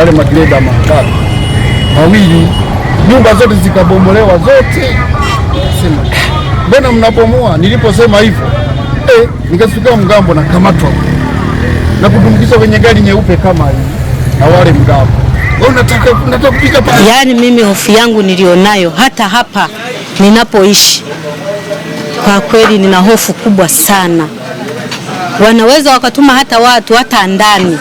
yale magreda makali mawili, nyumba zote zikabomolewa zote. Sema mbona mnabomoa? Niliposema hivyo eh, nikasikia mgambo na kamatwa na kutumikishwa kwenye gari nyeupe kama hii na wale mgambo Yaani mimi hofu yangu nilionayo hata hapa ninapoishi, kwa kweli nina hofu kubwa sana. Wanaweza wakatuma hata watu hata ndani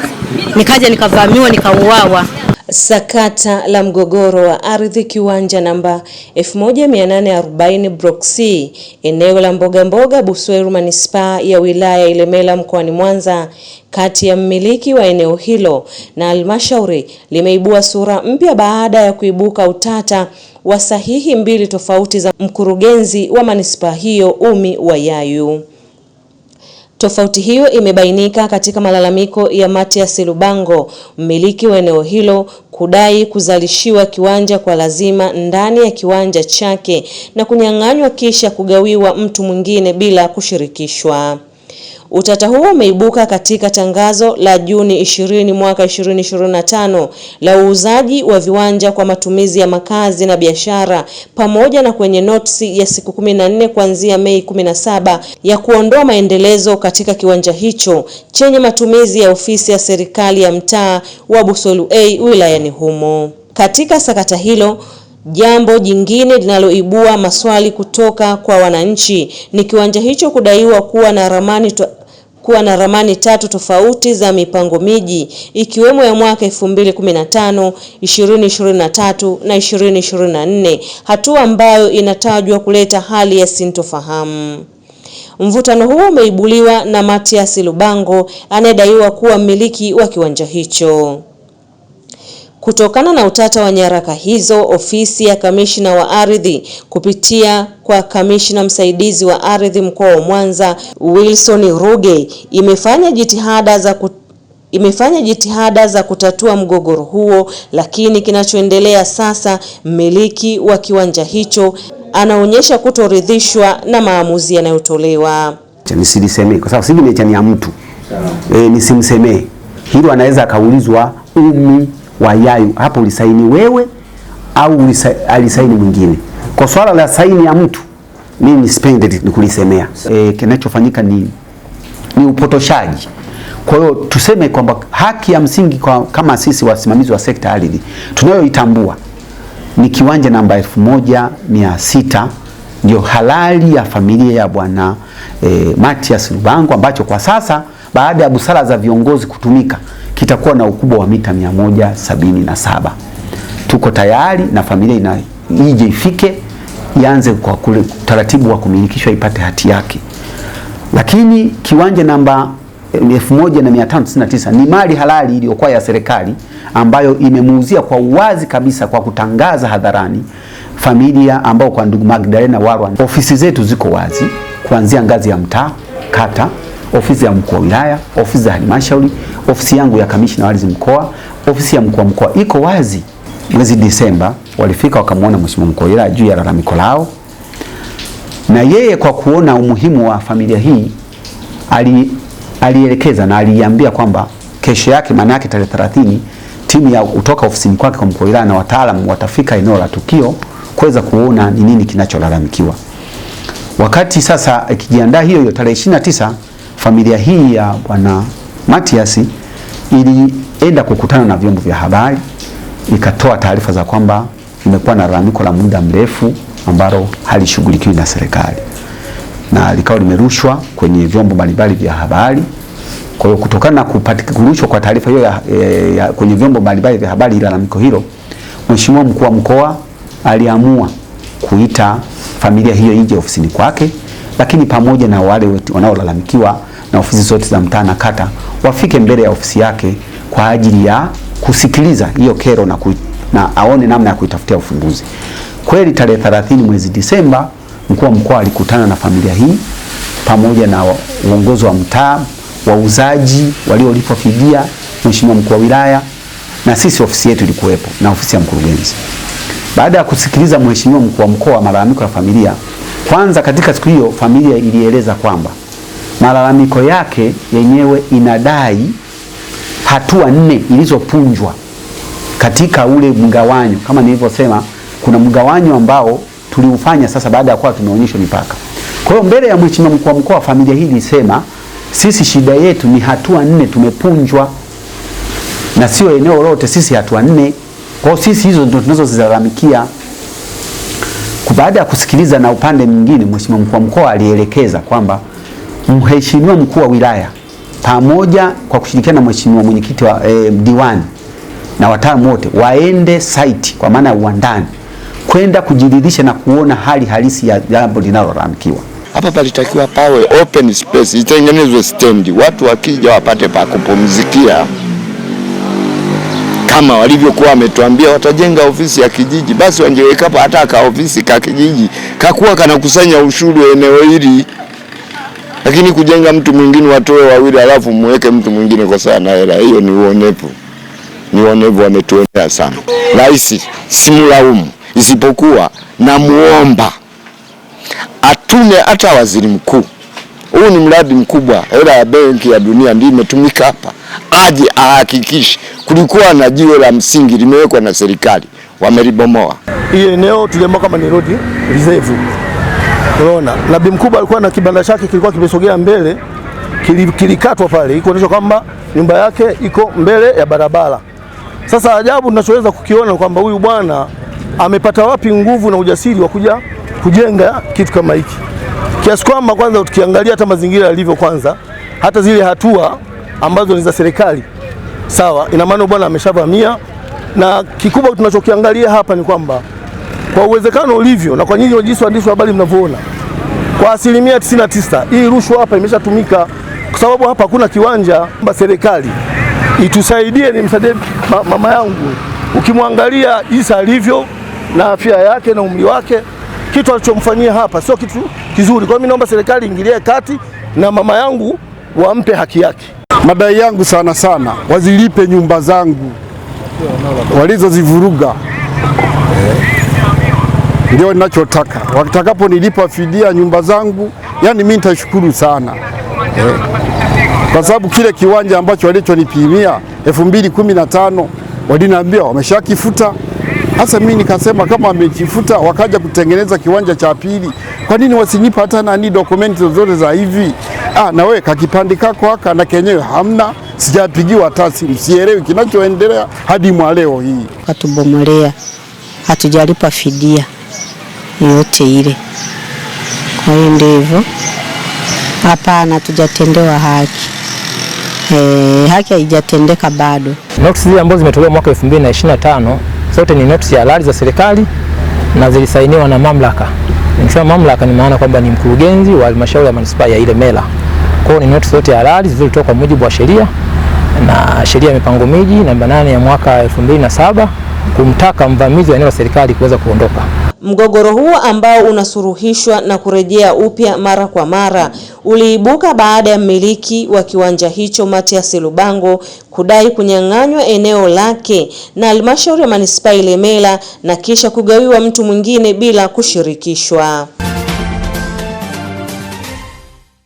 nikaja nikavamiwa nikauawa. Sakata la mgogoro wa ardhi kiwanja namba 1840 Block C eneo la Mbogamboga Busweru manispaa ya wilaya Ilemela mkoani Mwanza kati ya mmiliki wa eneo hilo na halmashauri limeibua sura mpya baada ya kuibuka utata wa sahihi mbili tofauti za mkurugenzi wa manispaa hiyo Umi Wayayu. Tofauti hiyo imebainika katika malalamiko ya matias Lubango, mmiliki wa eneo hilo, kudai kuzalishiwa kiwanja kwa lazima ndani ya kiwanja chake na kunyang'anywa kisha kugawiwa mtu mwingine bila kushirikishwa. Utata huo umeibuka katika tangazo la Juni 20 mwaka 2025 la uuzaji wa viwanja kwa matumizi ya makazi na biashara pamoja na kwenye notisi ya siku 14 kuanzia Mei 17 ya kuondoa maendelezo katika kiwanja hicho chenye matumizi ya ofisi ya serikali ya mtaa wa Busolu A wilayani humo. Katika sakata hilo Jambo jingine linaloibua maswali kutoka kwa wananchi ni kiwanja hicho kudaiwa kuwa na ramani kuwa na ramani tatu tofauti za mipango miji ikiwemo ya mwaka 2015, 2023 na 2024, hatua ambayo inatajwa kuleta hali ya sintofahamu. Mvutano huo umeibuliwa na matias Lubango anayedaiwa kuwa mmiliki wa kiwanja hicho. Kutokana na utata wa nyaraka hizo, ofisi ya kamishina wa ardhi kupitia kwa kamishna msaidizi wa ardhi mkoa wa Mwanza Wilson Ruge imefanya jitihada za kut imefanya jitihada za kutatua mgogoro huo, lakini kinachoendelea sasa, mmiliki wa kiwanja hicho anaonyesha kutoridhishwa na maamuzi yanayotolewa. Nisilisemee kwa sababu si ni ya mtu e, nisimsemee hilo, anaweza akaulizwa umi wa Yayu, hapo ulisaini wewe au alisaini mwingine? Kwa swala la saini ya mtu mimi nisipende nikulisemea. E, kinachofanyika ni, ni upotoshaji. Kwa hiyo tuseme kwamba haki ya msingi kwa, kama sisi wasimamizi wa sekta ardhi tunayoitambua ni kiwanja namba elfu moja mia sita ndio halali ya familia ya Bwana e, Matias Lubango ambacho kwa sasa baada ya busara za viongozi kutumika itakuwa na ukubwa wa mita 177. Tuko tayari na familia ina ije ifike ianze kwa kule taratibu wa kumilikishwa ipate hati yake. Lakini kiwanja namba 1599 eh, ni mali halali iliyokuwa ya serikali ambayo imemuuzia kwa uwazi kabisa kwa kutangaza hadharani familia ambao kwa ndugu Magdalena Warwa. Ofisi zetu ziko wazi kuanzia ngazi ya mtaa, kata ofisi ya mkuu wa wilaya, ofisi za halmashauri, ofisi yangu ya kamishna wa ardhi mkoa, ofisi ya mkuu wa mkoa iko wazi. Mwezi Disemba walifika wakamwona mheshimiwa mkuu wa wilaya juu ya lalamiko lao, na yeye kwa kuona umuhimu wa familia hii ali alielekeza na aliambia kwamba kesho yake, maana yake tarehe 30, timu ya kutoka ofisini kwake kwa mkuu wa wilaya na wataalamu watafika eneo la tukio kuweza kuona ni nini kinacholalamikiwa. Wakati sasa ikijiandaa hiyo hiyo tarehe 29 familia hii ya Bwana Matias ilienda kukutana na vyombo vya habari, ikatoa taarifa za kwamba imekuwa na lalamiko la muda mrefu ambalo halishughulikiwi na serikali na likawa limerushwa kwenye vyombo mbalimbali vya habari. Kwa hiyo kutokana na kurushwa kwa taarifa hiyo ya, ya, e, ya, kwenye vyombo mbalimbali vya habari ila lalamiko hilo, Mheshimiwa mkuu wa mkoa aliamua kuita familia hiyo ije ofisini kwake, lakini pamoja na wale wanaolalamikiwa na ofisi zote za mtaa na kata wafike mbele ya ofisi yake kwa ajili ya kusikiliza hiyo kero na, kui, na aone namna ya kuitafutia ufumbuzi. Kweli tarehe 30 mwezi Disemba, mkuu wa mkoa alikutana na familia hii pamoja na uongozi wa mtaa, wauzaji waliolipwa fidia, mheshimiwa mkuu wa wilaya na sisi ofisi yetu ilikuwepo na ofisi ya mkurugenzi. Baada ya kusikiliza mheshimiwa mkuu wa mkoa malalamiko ya familia, kwanza katika siku hiyo familia ilieleza kwamba Malalamiko yake yenyewe inadai hatua nne ilizopunjwa katika ule mgawanyo. Kama nilivyosema, kuna mgawanyo ambao tuliufanya sasa baada ya kuwa tumeonyeshwa mipaka. Kwa hiyo mbele ya mheshimiwa mkuu wa mkoa wa familia hii ilisema, sisi shida yetu ni hatua nne tumepunjwa, na sio eneo lote, sisi hatua nne. Kwa hiyo sisi hizo ndio tunazozilalamikia. Baada ya kusikiliza na upande mwingine, mheshimiwa mkuu wa mkoa alielekeza kwamba Mheshimiwa mkuu wa wilaya pamoja kwa kushirikiana na mheshimiwa mwenyekiti wa e, diwani na wataalamu wote waende site kwa maana ya uwandani kwenda kujiridhisha na kuona hali halisi ya jambo linalolalamikiwa. Hapa palitakiwa pawe open space, itengenezwe stendi, watu wakija wapate pa kupumzikia kama walivyokuwa wametuambia watajenga ofisi ya kijiji, basi wangeweka hata ka ofisi ka kijiji kakuwa kanakusanya ushuru eneo hili lakini kujenga mtu mwingine watoe wawili, alafu muweke mtu mwingine kwa sana hela hiyo, ni uonevu, ni uonevu, wametuonea sana. Rais simlaumu, isipokuwa namuomba atume hata waziri mkuu. Huu ni mradi mkubwa, hela ya benki ya dunia ndio imetumika hapa, aje ahakikishe kulikuwa na jiwe la msingi limewekwa na serikali, wamelibomoa hii eneo tuliamua kama ni road reserve Unaona? Na mkubwa alikuwa na kibanda chake kilikuwa kimesogea mbele, kilikatwa pale, ikuonyesha kwamba nyumba yake iko mbele ya barabara. Sasa ajabu tunachoweza kukiona kwamba huyu bwana amepata wapi nguvu na ujasiri wa kuja kujenga kitu kama hiki, kiasi kwamba kwanza tukiangalia hata mazingira yalivyo, kwanza hata zile hatua ambazo ni za serikali, sawa, ina maana bwana ameshavamia, na kikubwa tunachokiangalia hapa ni kwamba kwa uwezekano ulivyo na kwa nyinyi wajisi waandishi wa habari mnavyoona, kwa asilimia 99 hii rushwa hapa imeshatumika, kwa sababu hapa hakuna kiwanja. Serikali itusaidie, nimsaidie ma mama yangu, ukimwangalia jinsi alivyo na afya yake na umri wake, kitu alichomfanyia hapa sio kitu kizuri. Kwa hiyo mimi naomba serikali ingilie kati na mama yangu wampe haki yake. Madai yangu sana sana wazilipe nyumba zangu walizozivuruga ndio ninachotaka. Watakaponilipa fidia nyumba zangu, yani mimi nitashukuru sana eh, kwa sababu kile kiwanja ambacho walichonipimia elfu mbili kumi na tano waliniambia wameshakifuta. Hasa mimi nikasema kama wamekifuta wakaja kutengeneza kiwanja cha pili, kwa nini wasinipa hata nani dokumenti zozote za hivi? Ah, na wewe kakipande kako haka na kenyewe hamna, sijapigiwa hata simu, sielewi kinachoendelea hadi mwa leo hii. Katubomolea, hatujalipa fidia yote ile. Kwa hiyo ndio hivyo, hapana, tujatendewa haki e, haki haijatendeka bado. Notisi zile ambazo zimetolewa mwaka 2025 zote ni notisi ya halali za serikali na zilisainiwa na mamlaka. Nikisema mamlaka ni maana kwamba ni mkurugenzi wa halmashauri ya manispaa ya Ilemela. Kwa hiyo ni notisi zote halali zilizotoka kwa mujibu wa sheria na sheria ya mipango miji namba 8 ya mwaka 2007 kumtaka mvamizi wa eneo la serikali kuweza kuondoka. Mgogoro huo ambao unasuluhishwa na kurejea upya mara kwa mara uliibuka baada ya mmiliki wa kiwanja hicho Mathias Lubango kudai kunyang'anywa eneo lake na halmashauri ya manispaa Ilemela na kisha kugawiwa mtu mwingine bila kushirikishwa.